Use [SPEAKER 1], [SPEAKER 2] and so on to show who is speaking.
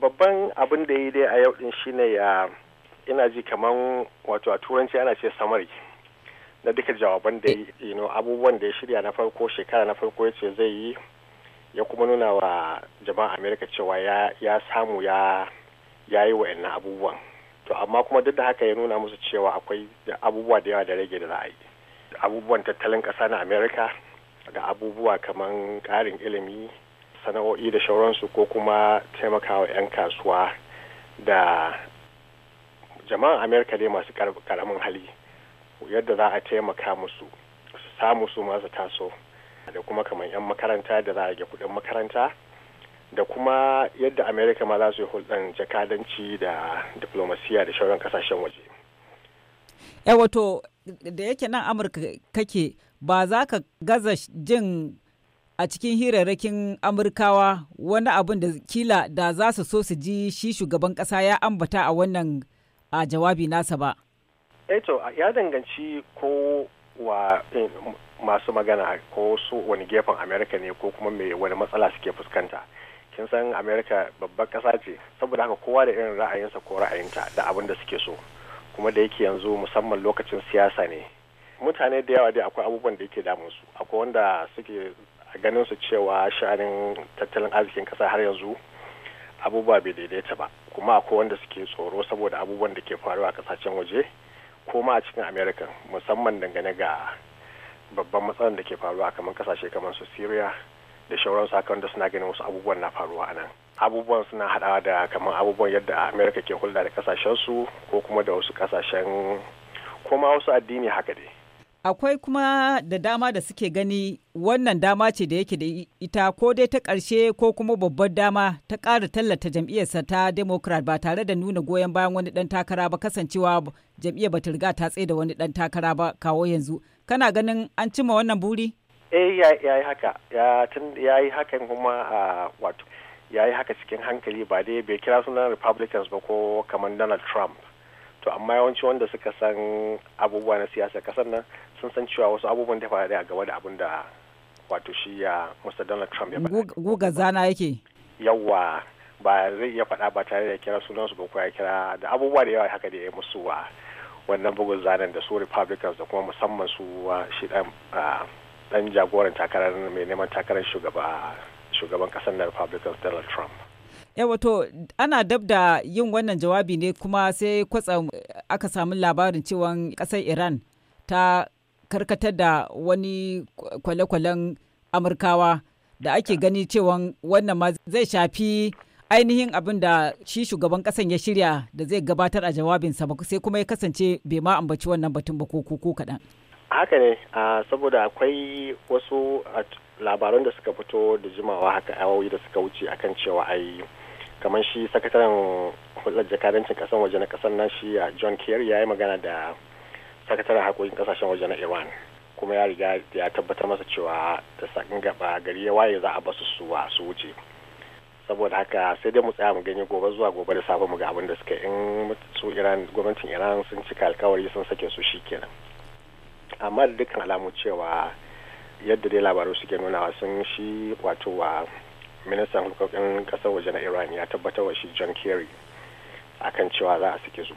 [SPEAKER 1] babban abin da ya dai a yau din shine ya ina ji kaman wato a turanci ana ce samari na duka jawaban da you abubuwan da ya shirya na farko shekara na farko ya ce zai yi ya kuma nuna wa jama'a amerika cewa ya, samu ya yi yi wa'annan abubuwan to amma kuma duk da haka ya nuna musu cewa akwai abubuwa da yawa da rage da ra'ayi abubuwan tattalin ƙasa na amerika da abubuwa kaman ƙarin ilimi sana'o'i da shauransu ko kuma taimakawa 'yan kasuwa da jama'an amerika dai masu karamin hali yadda za a taimaka musu su samu su masu taso da kuma kamar 'yan makaranta da za a rage kudin makaranta da kuma yadda amerika ma za su yi hulɗan jakadanci da diplomasiya da shauran kasashen waje
[SPEAKER 2] eh, wato da yake nan amurka kake ba za ka gaza jin a cikin hirarrakin amurkawa wani abin da kila da za su so su ji shi shugaban kasa ya ambata a wannan a jawabi nasa ba
[SPEAKER 1] eto eh ya danganci ko wa eh, masu magana ko su wani gefen amerika ne ko kuma mai wani matsala suke fuskanta kin san amerika babban kasa ce saboda haka kowa da irin ra'ayinsa ko ra'ayinta da abin da suke so kuma da yake yanzu musamman lokacin siyasa ne mutane da yawa dai akwai abubuwan da yake damun su akwai wanda suke a ganin su cewa sha'anin tattalin arzikin kasa har yanzu abubuwa bai daidaita ba kuma akwai wanda suke tsoro saboda abubuwan da ke faruwa a kasashen waje ko ma a cikin america musamman dangane ga babban matsalar da ke faruwa kamar kasashe kamar su syria da shauran sakon da suna ganin wasu abubuwan na faruwa a nan abubuwan suna hadawa da kamar abubuwan yadda america ke hulɗa da kasashen su ko kuma da wasu kasashen ko ma wasu addini haka dai
[SPEAKER 2] akwai kuma da dama da suke gani wannan dama ce da yake da ita ko dai ta ƙarshe ko kuma babbar dama ta ƙara tallata jam'iyyarsa ta democrat ba tare da nuna goyon bayan wani ɗan takara ba kasancewa jam'iyyar ba ta riga ta tsaye da wani ɗan takara ba kawo yanzu kana ganin an cimma wannan buri
[SPEAKER 1] eh ya yi haka ya tun ya yi hakan kuma a wato ya yi haka cikin hankali ba dai bai kira sunan republicans ba ko kamar donald trump to amma yawanci wanda suka san abubuwa na siyasa kasar nan sun san cewa wasu abubuwan da faru a gaba da abin da wato shi ya Mr. Donald Trump ya
[SPEAKER 2] faɗa. Guga zana yake.
[SPEAKER 1] Yawwa ba zai iya faɗa ba tare da kira sunansu ba ko ya kira da abubuwa da yawa haka da ya musu wa wannan bugun zanen da su Republicans da kuma musamman su shi dan dan jagoran takarar mai neman takarar shugaba shugaban kasar na Republicans Donald Trump.
[SPEAKER 2] yawa ana dab da yin wannan jawabi ne kuma sai kwatsam eh, aka samu labarin cewa kasar iran ta karkatar da wani kwale-kwalen amurkawa da ake gani cewa wannan ma zai shafi ainihin abin da shi shugaban kasan ya shirya da zai gabatar a jawabinsa ba sai kuma ya kasance bai ma ambaci wannan batun ba ko ko kaɗan.
[SPEAKER 1] haka ne saboda akwai wasu labaran da suka fito da jimawa haka awowi da suka wuce akan cewa ai kamar shi sakataren hulɗar jakadancin ƙasan waje na ƙasar nan shi uh, john kerry ya yi magana da sakataren harkokin ƙasashen waje na iran kuma ya riga ya tabbatar masa cewa da sakin gaba gari ya waye za a basu su uh, su wuce saboda haka sai dai mu tsaya mu gani gobe zuwa gobe da safe mu ga abin da suka in su iran gwamnatin iran sun cika alkawari sun sake su shikenan amma da dukkan alamu cewa yadda dai labaru suke nunawa sun shi wato wa uh, ministan harkokin kasar waje na iran ya tabbatar wa shi john kerry akan cewa za a sake su